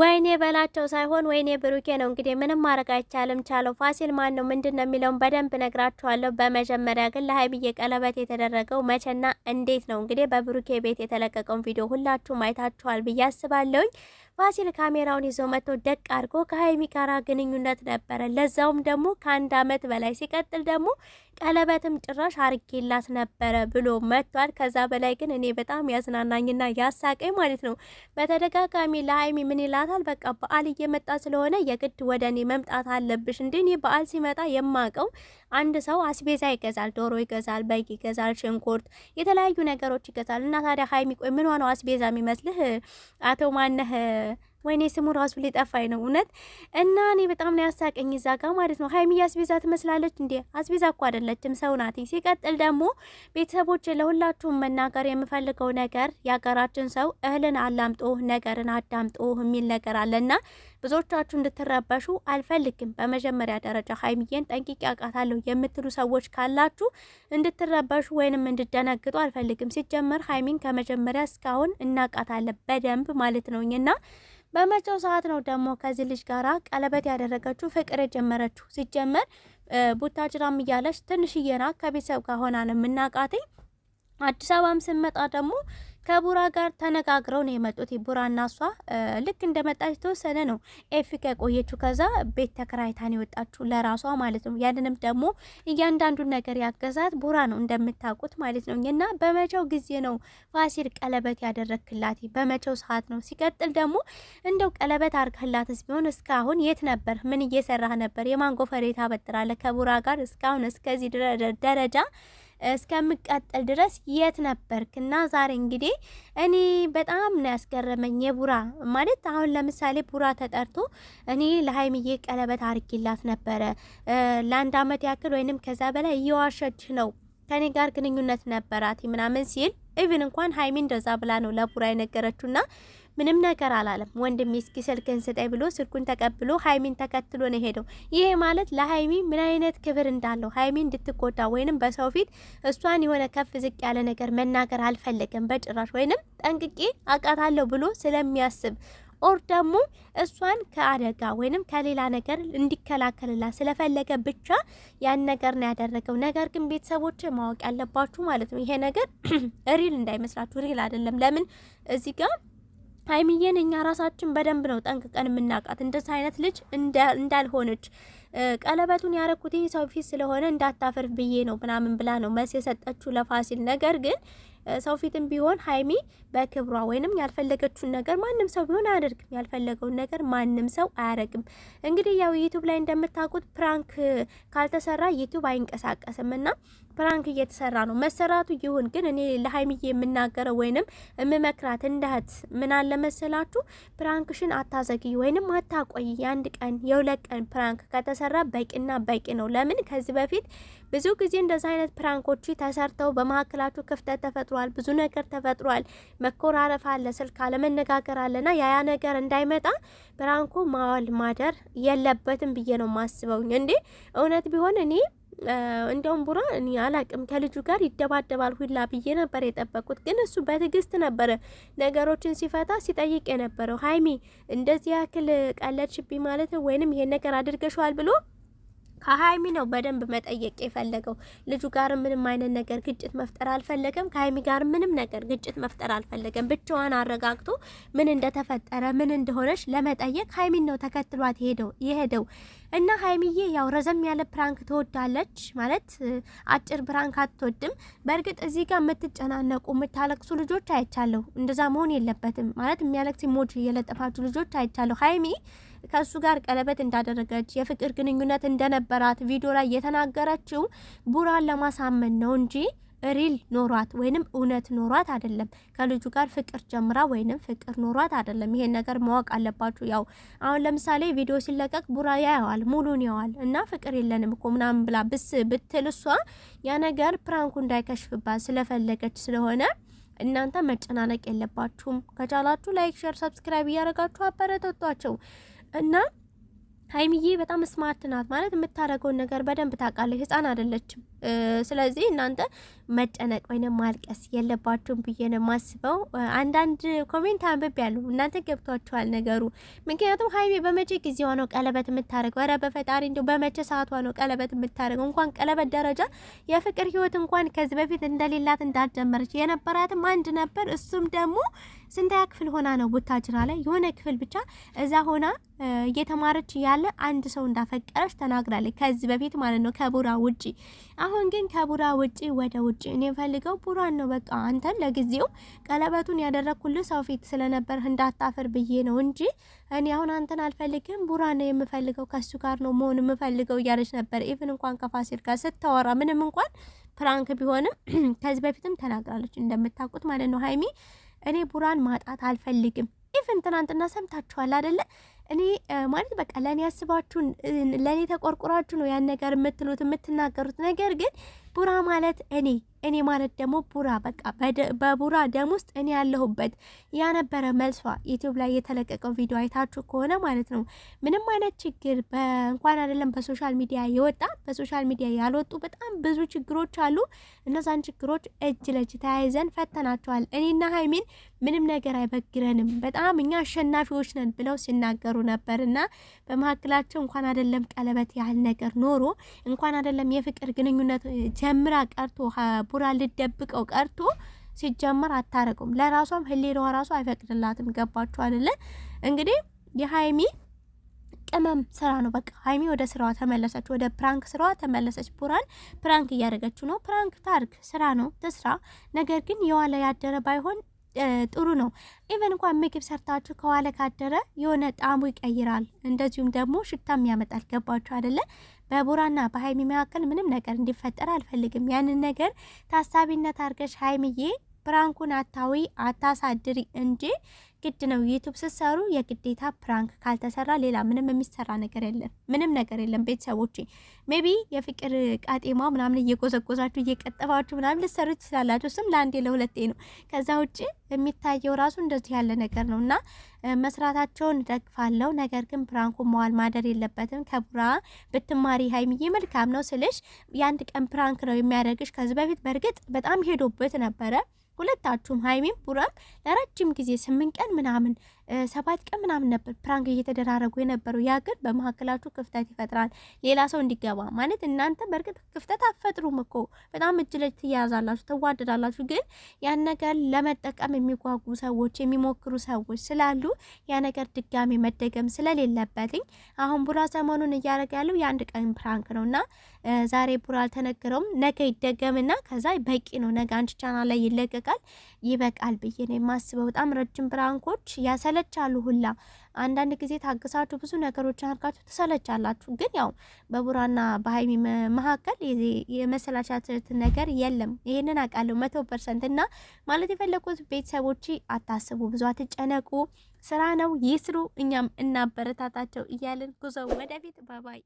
ወይኔ በላቸው ሳይሆን ወይኔ ብሩኬ ነው። እንግዲህ ምንም ማድረግ አይቻልም። ቻለው ፋሲል ማን ነው ምንድን ነው የሚለውን በደንብ ነግራችኋለሁ። በመጀመሪያ ግን ለሀይሚዬ ቀለበት የተደረገው መቼና እንዴት ነው እንግዲህ በብሩኬ ቤት የተለቀቀውን ቪዲዮ ሁላችሁም አይታችኋል ብዬ አስባለሁኝ። ፋሲል ካሜራውን ይዞ መጥቶ ደቅ አድርጎ ከሀይሚ ጋራ ግንኙነት ነበረ። ለዛውም ደግሞ ከአንድ አመት በላይ ሲቀጥል ደግሞ ቀለበትም ጭራሽ አርጌላት ነበረ ብሎ መጥቷል። ከዛ በላይ ግን እኔ በጣም ያዝናናኝና ያሳቀኝ ማለት ነው። በተደጋጋሚ ለሀይሚ ምን ይላታል? በቃ በዓል እየመጣ ስለሆነ የግድ ወደ እኔ መምጣት አለብሽ። እንዲህ እኔ በዓል ሲመጣ የማቀው አንድ ሰው አስቤዛ ይገዛል፣ ዶሮ ይገዛል፣ በግ ይገዛል፣ ሽንኩርት፣ የተለያዩ ነገሮች ይገዛል። እና ታዲያ ሀይሚ ቆይ ምን ሆነው አስቤዛ የሚመስልህ አቶ ማነህ ወይኔ ስሙ ራሱ ሊጠፋኝ ነው እውነት። እና እኔ በጣም ነው ያሳቀኝ እዛ ጋር ማለት ነው። ሀይሚ አስቤዛ ትመስላለች እንዴ? አስቤዛ እኮ አይደለችም ሰው ናት። ሲቀጥል ደግሞ ቤተሰቦች፣ ለሁላችሁም መናገር የምፈልገው ነገር የሀገራችን ሰው እህልን አላምጦ ነገርን አዳምጦ የሚል ነገር አለና ብዙዎቻችሁ እንድትረበሹ አልፈልግም። በመጀመሪያ ደረጃ ሀይሚዬን ጠንቅቄ አውቃታለሁ የምትሉ ሰዎች ካላችሁ እንድትረበሹ ወይንም እንድደነግጡ አልፈልግም። ሲጀመር ሀይሚን ከመጀመሪያ እስካሁን እናውቃታለን በደንብ ማለት ነው እና በመቼው ሰዓት ነው ደግሞ ከዚህ ልጅ ጋር ቀለበት ያደረገችው ፍቅር የጀመረችው? ሲጀመር ቡታጅራም እያለች ትንሽዬ ናት። ከቤተሰብ ጋር ሆና ነው የምናውቃት። አዲስ አበባም ስንመጣ ደግሞ ከቡራ ጋር ተነጋግረው ነው የመጡት። ቡራ እና እሷ ልክ እንደመጣች ተወሰነ ነው ኤፊ ከቆየችው። ከዛ ቤት ተከራይታን የወጣችሁ ለራሷ ማለት ነው። ያንንም ደግሞ እያንዳንዱን ነገር ያገዛት ቡራ ነው እንደምታውቁት ማለት ነው። እና በመቼው ጊዜ ነው ፋሲል ቀለበት ያደረግክላት? በመቼው ሰዓት ነው? ሲቀጥል ደግሞ እንደው ቀለበት አርክላትስ ቢሆን እስካሁን የት ነበር? ምን እየሰራህ ነበር? ፈሬታ በጥራለ ከቡራ ጋር እስካሁን እስከዚህ ደረጃ እስከምቀጥል ድረስ የት ነበርክ? እና ዛሬ እንግዲህ እኔ በጣም ነው ያስገረመኝ የቡራ ማለት አሁን ለምሳሌ ቡራ ተጠርቶ እኔ ለሀይምዬ ቀለበት አርጊላት ነበረ ለአንድ አመት ያክል ወይንም ከዛ በላይ እየዋሸች ነው ከኔ ጋር ግንኙነት ነበራት ምናምን ሲል ኢቭን እንኳን ሀይሚ እንደዛ ብላ ነው ለቡራ የነገረችውና ምንም ነገር አላለም። ወንድሜ እስኪ ስልክን ስጠኝ ብሎ ስልኩን ተቀብሎ ሀይሚን ተከትሎ ነው ሄደው። ይሄ ማለት ለሀይሚ ምን አይነት ክብር እንዳለው ሀይሚ እንድትጎዳ ወይንም በሰው ፊት እሷን የሆነ ከፍ ዝቅ ያለ ነገር መናገር አልፈለገም በጭራሽ። ወይንም ጠንቅቄ አውቃታለሁ ብሎ ስለሚያስብ ኦር ደግሞ እሷን ከአደጋ ወይንም ከሌላ ነገር እንዲከላከልላት ስለፈለገ ብቻ ያን ነገር ነው ያደረገው። ነገር ግን ቤተሰቦች ማወቅ ያለባችሁ ማለት ነው ይሄ ነገር ሪል እንዳይመስላችሁ፣ ሪል አይደለም። ለምን እዚህ ጋር ሀይሚዬን እኛ ራሳችን በደንብ ነው ጠንቅቀን የምናውቃት። እንደዚህ አይነት ልጅ እንዳልሆነች ቀለበቱን ያረኩት ይህ ሰው ፊት ስለሆነ እንዳታፈርፍ ብዬ ነው ምናምን ብላ ነው መስ የሰጠችው ለፋሲል ነገር ግን ሰው ፊትም ቢሆን ሀይሚ በክብሯ ወይንም ያልፈለገችውን ነገር ማንም ሰው ቢሆን አያደርግም። ያልፈለገውን ነገር ማንም ሰው አያረቅም እንግዲህ ያው ዩቱብ ላይ እንደምታውቁት ፕራንክ ካልተሰራ ዩቱብ አይንቀሳቀስም እና ፕራንክ እየተሰራ ነው። መሰራቱ ይሁን ግን እኔ ለሀይሚዬ የምናገረው ወይንም የምመክራት እንደህት ምን አለ መሰላችሁ፣ ፕራንክሽን አታዘግይ ወይንም አታቆይ። የአንድ ቀን የሁለት ቀን ፕራንክ ከተሰራ በቂና በቂ ነው። ለምን ከዚህ በፊት ብዙ ጊዜ እንደዚህ አይነት ፕራንኮች ተሰርተው በመካከላችሁ ክፍተት ተፈጥሯል፣ ብዙ ነገር ተፈጥሯል፣ መኮራረፍ አለ፣ ስልክ አለመነጋገር አለና ያያ ነገር እንዳይመጣ ፕራንኮ ማዋል ማደር የለበትም ብዬ ነው ማስበውኝ። እንዴ እውነት ቢሆን እኔ እንደውም ቡራ እኔ አላቅም ከልጁ ጋር ይደባደባል ሁላ ብዬ ነበር የጠበቁት። ግን እሱ በትዕግስት ነበረ ነገሮችን ሲፈታ ሲጠይቅ የነበረው። ሀይሚ እንደዚህ ያክል ቀለድሽብኝ ማለት ወይንም ይሄን ነገር አድርገሸዋል ብሎ ከሀይሚ ነው በደንብ መጠየቅ የፈለገው። ልጁ ጋር ምንም አይነት ነገር ግጭት መፍጠር አልፈለገም። ከሀይሚ ጋር ምንም ነገር ግጭት መፍጠር አልፈለገም። ብቻዋን አረጋግቶ ምን እንደተፈጠረ ምን እንደሆነች ለመጠየቅ ሀይሚን ነው ተከትሏት ሄደው የሄደው እና ሀይሚዬ ያው ረዘም ያለ ፕራንክ ትወዳለች ማለት አጭር ፕራንክ አትወድም። በእርግጥ እዚህ ጋር የምትጨናነቁ የምታለቅሱ ልጆች አይቻለሁ። እንደዛ መሆን የለበትም ማለት የሚያለቅስ ሞጅ የለጠፋችሁ ልጆች አይቻለሁ ሀይሚ ከእሱ ጋር ቀለበት እንዳደረገች የፍቅር ግንኙነት እንደነበራት ቪዲዮ ላይ የተናገረችው ቡራን ለማሳመን ነው እንጂ ሪል ኖሯት ወይንም እውነት ኖሯት አይደለም። ከልጁ ጋር ፍቅር ጀምራ ወይንም ፍቅር ኖሯት አይደለም። ይሄን ነገር ማወቅ አለባችሁ። ያው አሁን ለምሳሌ ቪዲዮ ሲለቀቅ ቡራ ያየዋል፣ ሙሉን ያዋል እና ፍቅር የለንም እኮ ምናምን ብላ ብስ ብትል እሷ ያ ነገር ፕራንኩ እንዳይከሽፍባት ስለፈለገች ስለሆነ እናንተ መጨናነቅ የለባችሁም። ከቻላችሁ ላይክ፣ ሼር፣ ሰብስክራይብ እያደረጋችሁ አበረታቷቸው። እና ሀይሚዬ በጣም ስማርት ናት ማለት የምታደርገውን ነገር በደንብ ታውቃለች። ህፃን አይደለችም። ስለዚህ እናንተ መጨነቅ ወይም ማልቀስ የለባችሁም ብዬ ነው የማስበው። አንዳንድ ኮሜንት አንብብ ያሉ እናንተ ገብቷችኋል ነገሩ። ምክንያቱም ሀይሜ በመቼ ጊዜዋ ነው ቀለበት የምታደርገው? ኧረ በፈጣሪ እንዲሁ በመቼ ሰዓቷ ነው ቀለበት የምታደርገው? እንኳን ቀለበት ደረጃ የፍቅር ህይወት እንኳን ከዚህ በፊት እንደሌላት እንዳልጀመረች የነበራትም አንድ ነበር፣ እሱም ደግሞ ስንተኛ ክፍል ሆና ነው ቡታጅራ ላይ የሆነ ክፍል ብቻ እዛ ሆና እየተማረች ያለ አንድ ሰው እንዳፈቀረች ተናግራለች። ከዚህ በፊት ማለት ነው ከቡራ ውጪ። አሁን ግን ከቡራ ውጪ ወደ ውጪ እኔ ፈልገው ቡራን ነው። በቃ አንተን ለጊዜው ቀለበቱን ያደረግኩልህ ሰው ፊት ስለነበር እንዳታፈር ብዬ ነው እንጂ እኔ አሁን አንተን አልፈልግም፣ ቡራ ነው የምፈልገው፣ ከሱ ጋር ነው መሆን የምፈልገው እያለች ነበር። ኢቭን እንኳን ከፋሲል ጋር ስታወራ ምንም እንኳን ፕራንክ ቢሆንም ከዚህ በፊትም ተናግራለች እንደምታውቁት ማለት ነው ሀይሚ እኔ ቡራን ማጣት አልፈልግም። ኢቭን ትናንትና ሰምታችኋል አደለ? እኔ ማለት በቃ ለእኔ ያስባችሁን ለእኔ ተቆርቁራችሁ ነው ያን ነገር የምትሉት የምትናገሩት። ነገር ግን ቡራ ማለት እኔ እኔ ማለት ደግሞ ቡራ በቃ በቡራ ደም ውስጥ እኔ ያለሁበት ያነበረ መልሷ ዩቲዩብ ላይ የተለቀቀው ቪዲዮ አይታችሁ ከሆነ ማለት ነው። ምንም አይነት ችግር እንኳን አይደለም በሶሻል ሚዲያ የወጣ በሶሻል ሚዲያ ያልወጡ በጣም ብዙ ችግሮች አሉ። እነዛን ችግሮች እጅ ለእጅ ተያይዘን ፈተናቸዋል። እኔና ሀይሚን ምንም ነገር አይበግረንም፣ በጣም እኛ አሸናፊዎች ነን ብለው ሲናገሩ ነበር እና በመካከላቸው እንኳን አይደለም ቀለበት ያህል ነገር ኖሮ እንኳን አይደለም የፍቅር ግንኙነት ጀምራ ቀርቶ ቡራ ልደብቀው ቀርቶ ሲጀመር አታረቁም። ለራሷም ህሌናዋ ራሱ አይፈቅድላትም። ገባችሁ አይደለ? እንግዲህ የሀይሚ ቅመም ስራ ነው። በቃ ሀይሚ ወደ ስራዋ ተመለሰች፣ ወደ ፕራንክ ስራዋ ተመለሰች። ቡራን ፕራንክ እያደረገችው ነው። ፕራንክ ታርግ ስራ ነው ትስራ። ነገር ግን የዋለ ያደረ ባይሆን ጥሩ ነው። ኢቨን እንኳን ምግብ ሰርታችሁ ከዋለ ካደረ የሆነ ጣዕሙ ይቀይራል፣ እንደዚሁም ደግሞ ሽታም ያመጣል። ገባችሁ አይደለ? በቡራና በሀይሚ መካከል ምንም ነገር እንዲፈጠር አልፈልግም። ያንን ነገር ታሳቢነት አድርገሽ ሀይሚዬ ብራንኩን አታዊ አታሳድሪ እንጂ ግድ ነው። ዩቱብ ስትሰሩ የግዴታ ፕራንክ ካልተሰራ ሌላ ምንም የሚሰራ ነገር የለም፣ ምንም ነገር የለም። ቤተሰቦች ሜቢ የፍቅር ቃጤማ ምናምን እየጎዘጎዛችሁ እየቀጠባችሁ ምናምን ልትሰሩ ትችላላችሁ። ስም ለአንዴ ለሁለቴ ነው። ከዛ ውጭ የሚታየው ራሱ እንደዚህ ያለ ነገር ነው እና መስራታቸውን ደግፋለሁ። ነገር ግን ፕራንኩ መዋል ማደር የለበትም። ከቡራ ብትማሪ ሀይሚዬ መልካም ነው ስልሽ የአንድ ቀን ፕራንክ ነው የሚያደርግሽ። ከዚህ በፊት በእርግጥ በጣም ሄዶበት ነበረ። ሁለታችሁም ሀይሚም ቡራም ለረጅም ጊዜ ስምንት ቀን من عمل ሰባት ቀን ምናምን ነበር ፕራንክ እየተደራረጉ የነበረው። ያ ግን በመካከላችሁ ክፍተት ይፈጥራል፣ ሌላ ሰው እንዲገባ ማለት። እናንተ በእርግጥ ክፍተት አትፈጥሩም እኮ በጣም እጅ ለእጅ ትያያዛላችሁ፣ ትዋደዳላችሁ። ግን ያን ነገር ለመጠቀም የሚጓጉ ሰዎች፣ የሚሞክሩ ሰዎች ስላሉ ያ ነገር ድጋሜ መደገም ስለሌለበትኝ አሁን ቡራ ሰሞኑን እያደረገ ያለው የአንድ ቀን ፕራንክ ነው እና ዛሬ ቡራ አልተነገረውም። ነገ ይደገምና ከዛ በቂ ነው ነገ አንድ ቻና ላይ ይለቀቃል። ይበቃል ብዬ ነው የማስበው። በጣም ረጅም ፕራንኮች ያሰ ይሰለቻሉ ሁላ። አንዳንድ ጊዜ ታግሳችሁ ብዙ ነገሮችን አድርጋችሁ ትሰለቻላችሁ። ግን ያው በቡራና በሀይሚ መካከል የመሰላቻት ነገር የለም። ይህንን አውቃለሁ መቶ ፐርሰንት። እና ማለት የፈለጉት ቤተሰቦች አታስቡ፣ ብዙ አትጨነቁ። ስራ ነው ይስሩ፣ እኛም እናበረታታቸው እያልን ጉዞ ወደፊት ባባይ